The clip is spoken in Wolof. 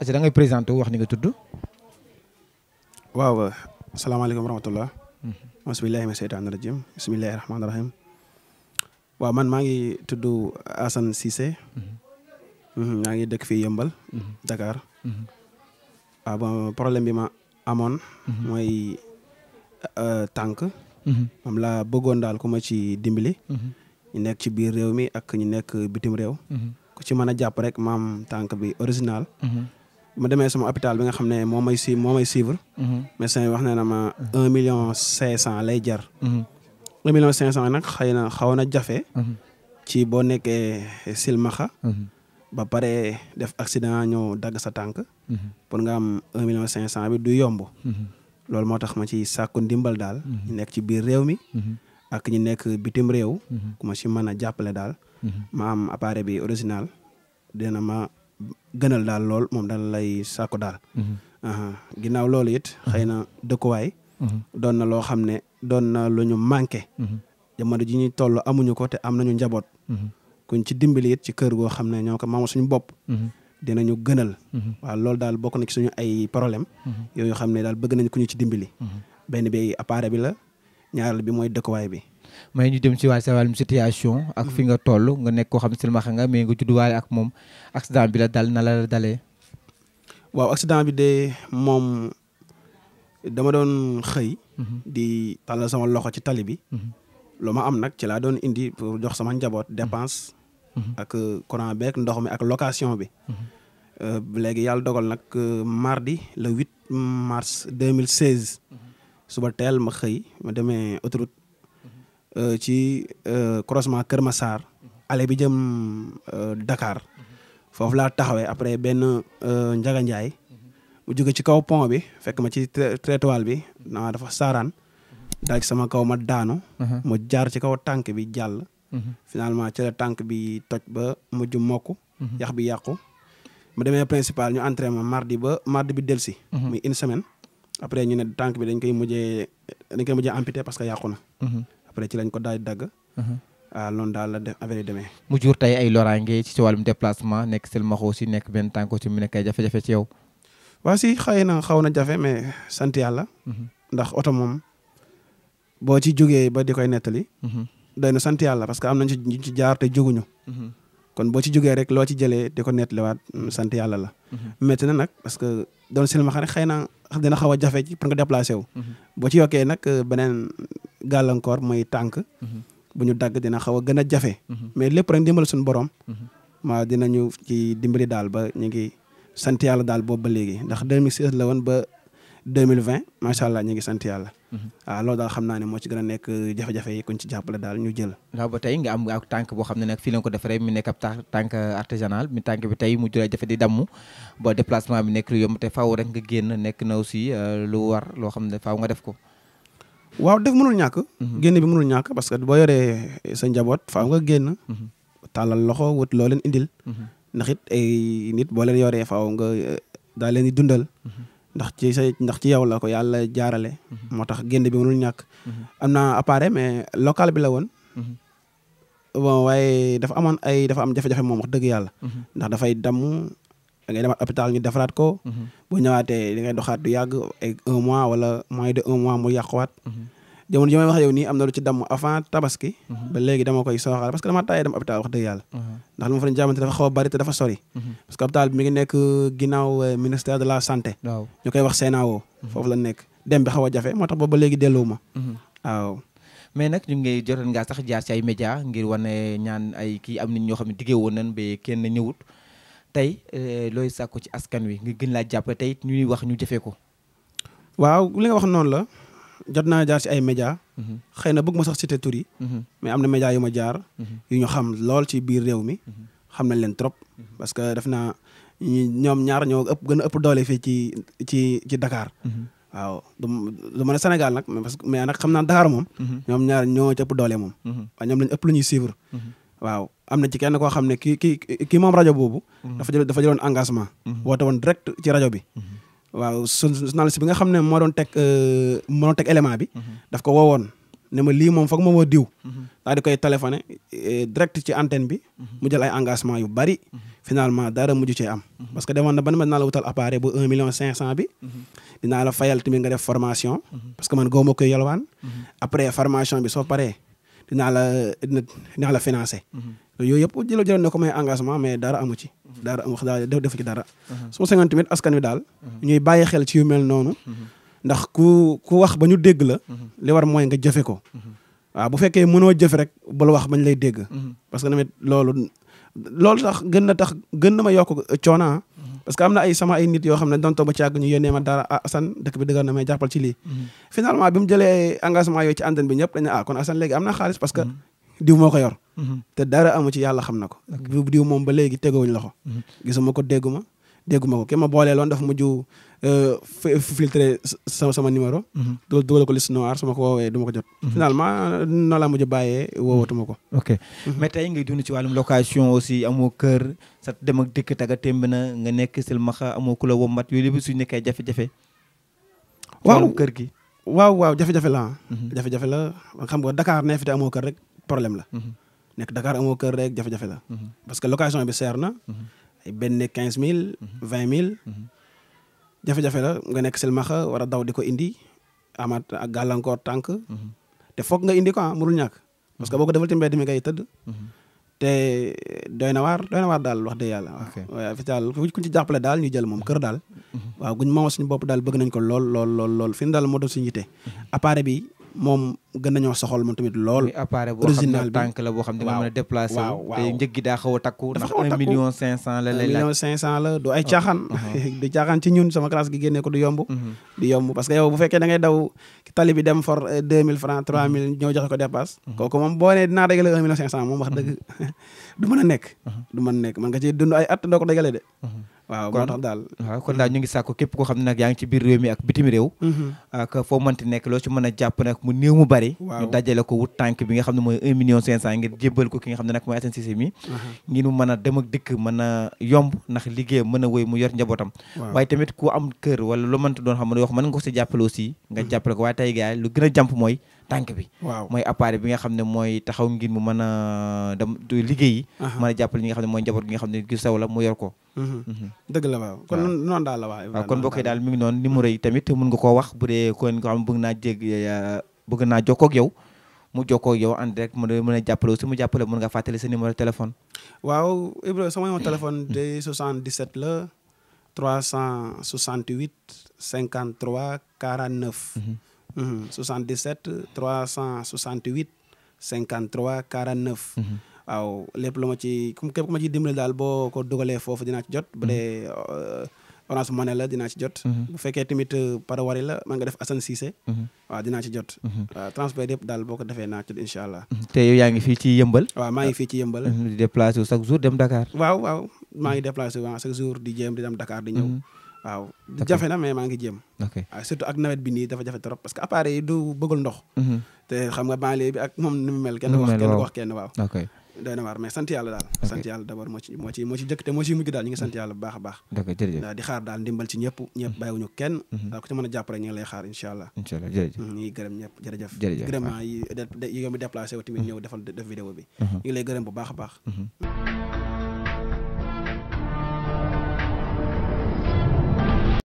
parce que da ngay présenté wax ni nga tudd. waaw asalaamaaleykum wa rahmatulah. Mhm. bismillahi ma seytaani rajim bismillahi rahmaani rahim. waaw man maa ngi tuddu Assane Cissé. Mhm. Mhm, maa ngi dëkk fi Yëmbal. Dakar. waaw ah, bon problème bi ma amoon. mooy euh, tànk. moom laa bëggoon daal ku ma ci dimbali. ñu nekk ci biir réew mi ak ñu nekk bitim réew. ku ci mën jàpp rek maam tànk bi original. ma demee sama hôpital bi nga xam ne moo may si moo suivre. Mhm. médecin wax na ma mhm. un million cinq cent lay jar. Mhm. un million nag xëy na xawoon na jafe. ci boo nekkee silmaxa ba pare def accident ñëw dagg sa tànk. pour nga am un million cinq cent bi du yomb. loolu moo tax ma ci sàkku ndimbal daal. ñu nekk ci biir réew mi. ak ñu nekk bitim réew. ku ma si mën a jàppale daal. ma am appareil bi original dina ma. gënal daal lool moom daal lay sàkku daal. Mhm. ginnaaw loolu it mhm. xëy na dëkkuwaay. Mhm. doon na loo xam ne doon na lu ñu manqué. jamono ji ñuy toll amuñu ko te am nañu njaboot. kuñ ci dimbali it ci kër goo xam ne ñoo ko maamu suñu bopp. dinañu gënal. waaw loolu daal bokk na ci suñu ay problème yooyu xam ne daal bëgg nañ ku ñu ci dimbali. benn bi appareil bi la ñaareel bi mooy dëkkuwaay bi. may ñu jëm ci waa sa wàllum situation. ak fi nga toll nga nekk koo xam ne silmaxa nga mais nga judduwaale ak moom accident bi la dal na la dalee. waaw accident bi de moom dama doon xëy. Mhm. di tàllal sama loxo ci tali bi. Mhm. loo ma am nag ci laa doon indi pour jox sama njaboot mhm. dépense. ak euh, courant beeg ndox mi ak location bi. Euh, léegi yàlla dogal nag euh, mardi le huit mars deux mille seize. suba teel ma xëy ma demee autoroute Euh, ci euh, croisement Kër Massar ale bi jëm euh, dakaar foofu laa taxawee après benn Njaga Njaay mu jóge ci kaw pont bi fekk ma ci trottoir bi naa dafa saaraan daal sama kaw ma daanu uh-huh. ma jaar ci kaw tànk bi jàll uh-huh. finalement ci la bi toj ba mujj mokk uh-huh. yax bi yàqu ma demee principal ñu entraînement mardi ba mardi bi delsi muy une semaine après ñu ne tànk bi dañ koy mujjee dañ koy mujjee amputé parce que yàqu na après ci lañ ko daal di dagg. Mhm. ah loolu ay loraange ci wàllum déplacement nekk Selmaxo aussi nekk benn tànk aussi mu nekk ay jafe-jafe ci yow. waa na xaw na jafe mais sant yàlla. Mhm. ndax oto moom boo ci jogee ba di koy nettali. Mhm. doy na sant yàlla parce que am na ci ñu ci jaar te jóguñu. kon boo ci jógee rek loo ci jëlee di ko nettaliwaat mm, sant yàlla la. métti na nag parce que doon Selmaxa rek xëy na dina xaw a jafe ci pour nga déplacé wu. boo ci yokkee nag euh, gàllankoor mooy tànk. Mhm. bu ñu dagg dina xaw a gën a jafe. Mhm. mais lépp rek dimbali suñu borom. dina mhm. dinañu ci dimbali daal ba ñu ngi sant yàlla daal boobu ba léegi ndax 2016 la woon ba 2020 macha allah ñu ngi sant yàlla. waaw loolu daal xam naa ne moo ci gën a nekk jafe-jafe yi ci jàppale daal ñu jël waaw ba tey nga am ak tànk boo xam ne nag fii lañ ko defaree mu nekk ab tànk artisanal mi tànk bi tey mu jula jafe di damm boo déplacement bi nekk lu yomb te faaw rek nga génn nekk na aussi euh, lu war loo xam ne faaw nga def ko waaw def mënul ñàkk. Mhm. génn bi mënul ñàkk parce que boo yoree sa njaboot faaw nga génn. Mhm. tàllal loxo wut loo leen indil. Mhm. ndax it ay nit boo leen yoree faaw nga eh, daal leen di dundal. ndax ci sa ndax ci yow la ko yàlla jaarale. moo tax génn bi mënul ñàkk. am na appareil mais local bi la woon. bon waaye dafa amoon ay dafa am jafe-jafe moom wax dëgg yàlla. ndax dafay damm da ngay demaat hôpital ñu defaraat ko. Mhm. bu ñëwaatee da ngay doxaat du yàgg ay un mois wala moins de un mois mu yàquwaat. Mhm. jamono ji may wax yow nii am na lu ci damm avant tabaski. Mhm. ba léegi dama koy sooxaal parce que dama taayee dem hôpital wax dëgg yàlla. ndax li ma fa leen jaamante dafa xaw a bari te dafa sori. parce que hôpital bi mi ngi nekk euh, ginnaaw euh, ministère de la santé. waaw ñu koy wax Sénawoo. foofu la nekk dem bi xaw a jafe moo tax ba ba léegi delluwuma. waaw. mais nag ñu ngi jotoon ngaa sax jaar ci ay média ngir wane ñaan ay am nit ñoo xam ne diggee woon nañ ba tey euh, looy sàkku ci askan wi nga gën laa jàpp tey it ñuy wax ñu jëfee ko. waaw lu nga wax noonu la jot naa jaar ci ay média mhm. xëy na bëgg ma sax cité tur yi. Mhm. mais am na média yu ma jaar. Mhm. yu ñu xam lool ci biir réew mi. xam na leen trop. parce que def naa ñoom ñaar ñoo ëpp gën ëpp doole fii ci ci ci Dakar. waaw du du ma ne Sénégal nag mais parce que mais nag ëpp doole moom. waaye ñoom lañ ëpp lu ñuy suivre. waaw am na ci kenn koo xam ne kii ki ki moom rajo boobu. Mhm. dafa jël dafa jëloon engagement. Mhm. woote woon direct ci rajo bi. Mhm. waaw journaliste bi nga xam ne moo doon teg euh, moo doon teg élément bi. daf ko woowoon ne ma lii moom foog ma woo diw. daal di koy téléphoné euh, direct ci antenne bi. mu ay engagement yu bari. finalement dara mujj cee am. parce que demoon na ban ma dinaa wutal appareil bu un million cinq cent bi. dinaa la fayal tamit nga def formation. parce que man góob ma après formation bi soo paree. dinaa la dinaa la financé. Mhm. yooyu yëpp jëlo jëloon na ko may engagement mais dara amu ci. Mhm. dara amu dara defu ci dara. soo sañoon tamit askan wi daal. Mhm. ñuy bàyyi xel ci yu mel noonu. ndax ku ku wax ba dégg la. li war mooy nga jëfe ko. waaw bu fekkee mënoo jëfe rek bul wax bañ lay dégg. parce que loolu loolu tax gën na tax gën na ma yokk coona parce que am na ay sama ay nit yoo xam ne doon toog ñu yónnee ma dara ah Assane dëkk bi na may jàppal ci lii mhm. finalement bi mu jëlee engagement yooyu ci antenne bi ñëpp dañ ne ah, kon Assane léegi am na xaalis parce que mhm. diw moo ko yor mhm. te dara amu ci yàlla xam na ko diw moom ba léegi tegowuñ loxo gisuma ko dégguma dégguma ko ki ma boolee loon dafa mujj euh, filtré sama sama numéro mhm. dugal dugal ko liste noire su ma ko woowee du ma ko jot mhm. finalement noonu laa mujj bàyyee woowatuma ko ok mhm. mais tey ngay dund ci wàllum location aussi amoo kër sa dem ak dëkk taga témb na nga nekk silmaxa amoo ku la wommat yooyu lépp suñu nekkee jafe-jafe waaw kër gi waaw waaw jafe-jafe la jafe-jafe la xam nga Dakar ne fi te amoo kër rek problème la nekk Dakar amoo kër jafe-jafe la parce que location ay benn quinze mille mhm. vingt mille mhm. jafe-jafe la nga nekk silmaxa war a daw di ko indi amaat ak gàllankoor tànk mhm. te foog nga indi ko am ah, mënul ñàkk parce que boo ko defal ci mbedd mi ngay tëdd te doy na waar doy na waar daal wax dëgg yàlla waaw fi daal kuñ ci jàppale daal ñu jël moom kër daal waaw guñ moom suñu bopp daal bëgg nañ ko lool lool lool lool daal moo doon suñu yite appareil bi moom gën nañoo soxal moom tamit lool. original bi appareil boo xam ne tànk la boo xam ne dina mën a déplacé wu. te njëg gi daa xaw a million 500 la la du ay ah, caaxaan. Ah, ah. di caaxaan ci ñun sama classe gi génnee ko du yomb. Mhm. parce que yow bu fekkee da daw tali dem for 2000 euh, francs 3000 mhm. ñëw joxe ko dépasse. Mhm. kooku moom boo nee dinaa dégale 1 million moom wax dëgg du mën a nekk. man nga ciy dund ay at doo ko dégale de. waaw moo tax daal waaw kon daal ñu ngi sàkku képp koo xam ne nag yaa ngi ci biir réew mi ak bitim réew mm-hmm. foo mënti nekk loo ci mën a jàpp nag mu néew mu bari ñu dajale ko wut tànk bi nga xam ne mooy un million cinq cent ko ki nga xam ne nag mooy Assane Cissé mi uh-huh. ngir mu mën a dem ak dikk mën a yomb ndax liggéeyam mën a wéy mu yor njabootam waaye tamit ku am kër wala lu mënti doon xam ne wax mën nga ko si jàppale aussi nga mm-hmm. jàppale ko waaye tey gaay lu gën a jàmp mooy tànk bi. waaw mooy appareil bi nga xam ne mooy taxaw ngir mu mën a dem liggéeyi. mën a jàppale ñi nga xam ne mooy njaboot gi nga xam ne gi saw mu yor ko. Mhm. Mhm. dëgg la waaw kon noonu daal boo koy daal mi ngi noonu mhm. numéro yi tamit mun nga ko wax bu dee kon ko xam bëgg naa jég bëgg naa jokkoo ak yow. mu jokkoo yow en direct mu mën a jàppale aussi mu jàppale mën nga fàttali sa numéro téléphone. waaw Ibra sama numéro téléphone de 77 la 368 53 49. 77 368 53 49. waaw lépp lu ma ci képp ku ma ciy dimbali daal boo ko dugalee foofu dinaa ci jot. bu dee mhm. euh, Orange Money la dinaa ci jot. Mhm. bu fekkee tamit euh, parawari la maa nga def Assane Cissé. Mhm. waaw dinaa ci jot. waaw transfert yëpp daal boo ko defee naa ci jot incha allah. te yaa ngi fii ci yëmbal. waa maa ngi fii ci yëmbal. di déplacé wu chaque jour dem Dakar. waaw maa ngi déplacé wu chaque di jéem di dem Dakar di ñëw. waaw jafe na mais maa ngi jéem surtout ak nawet bi nii dafa jafe trop parce que appareil yi du bëggul ndox mm-hmm. te xam nga banlieue bi ak moom ni mel kenn wax kenn wax waaw daal di xaar daal ndimbal ci ñëpp ñëpp mm-hmm. bàyyiwuñu kenn daal mm-hmm. ku ci mën a jàpp ñu lay xaar incha allah ñu ngi gërëm ñëpp jërëjëf gërëm yi yow mi déplacé ñëw defal def vidéo bi ñu lay gërëm bu baax baax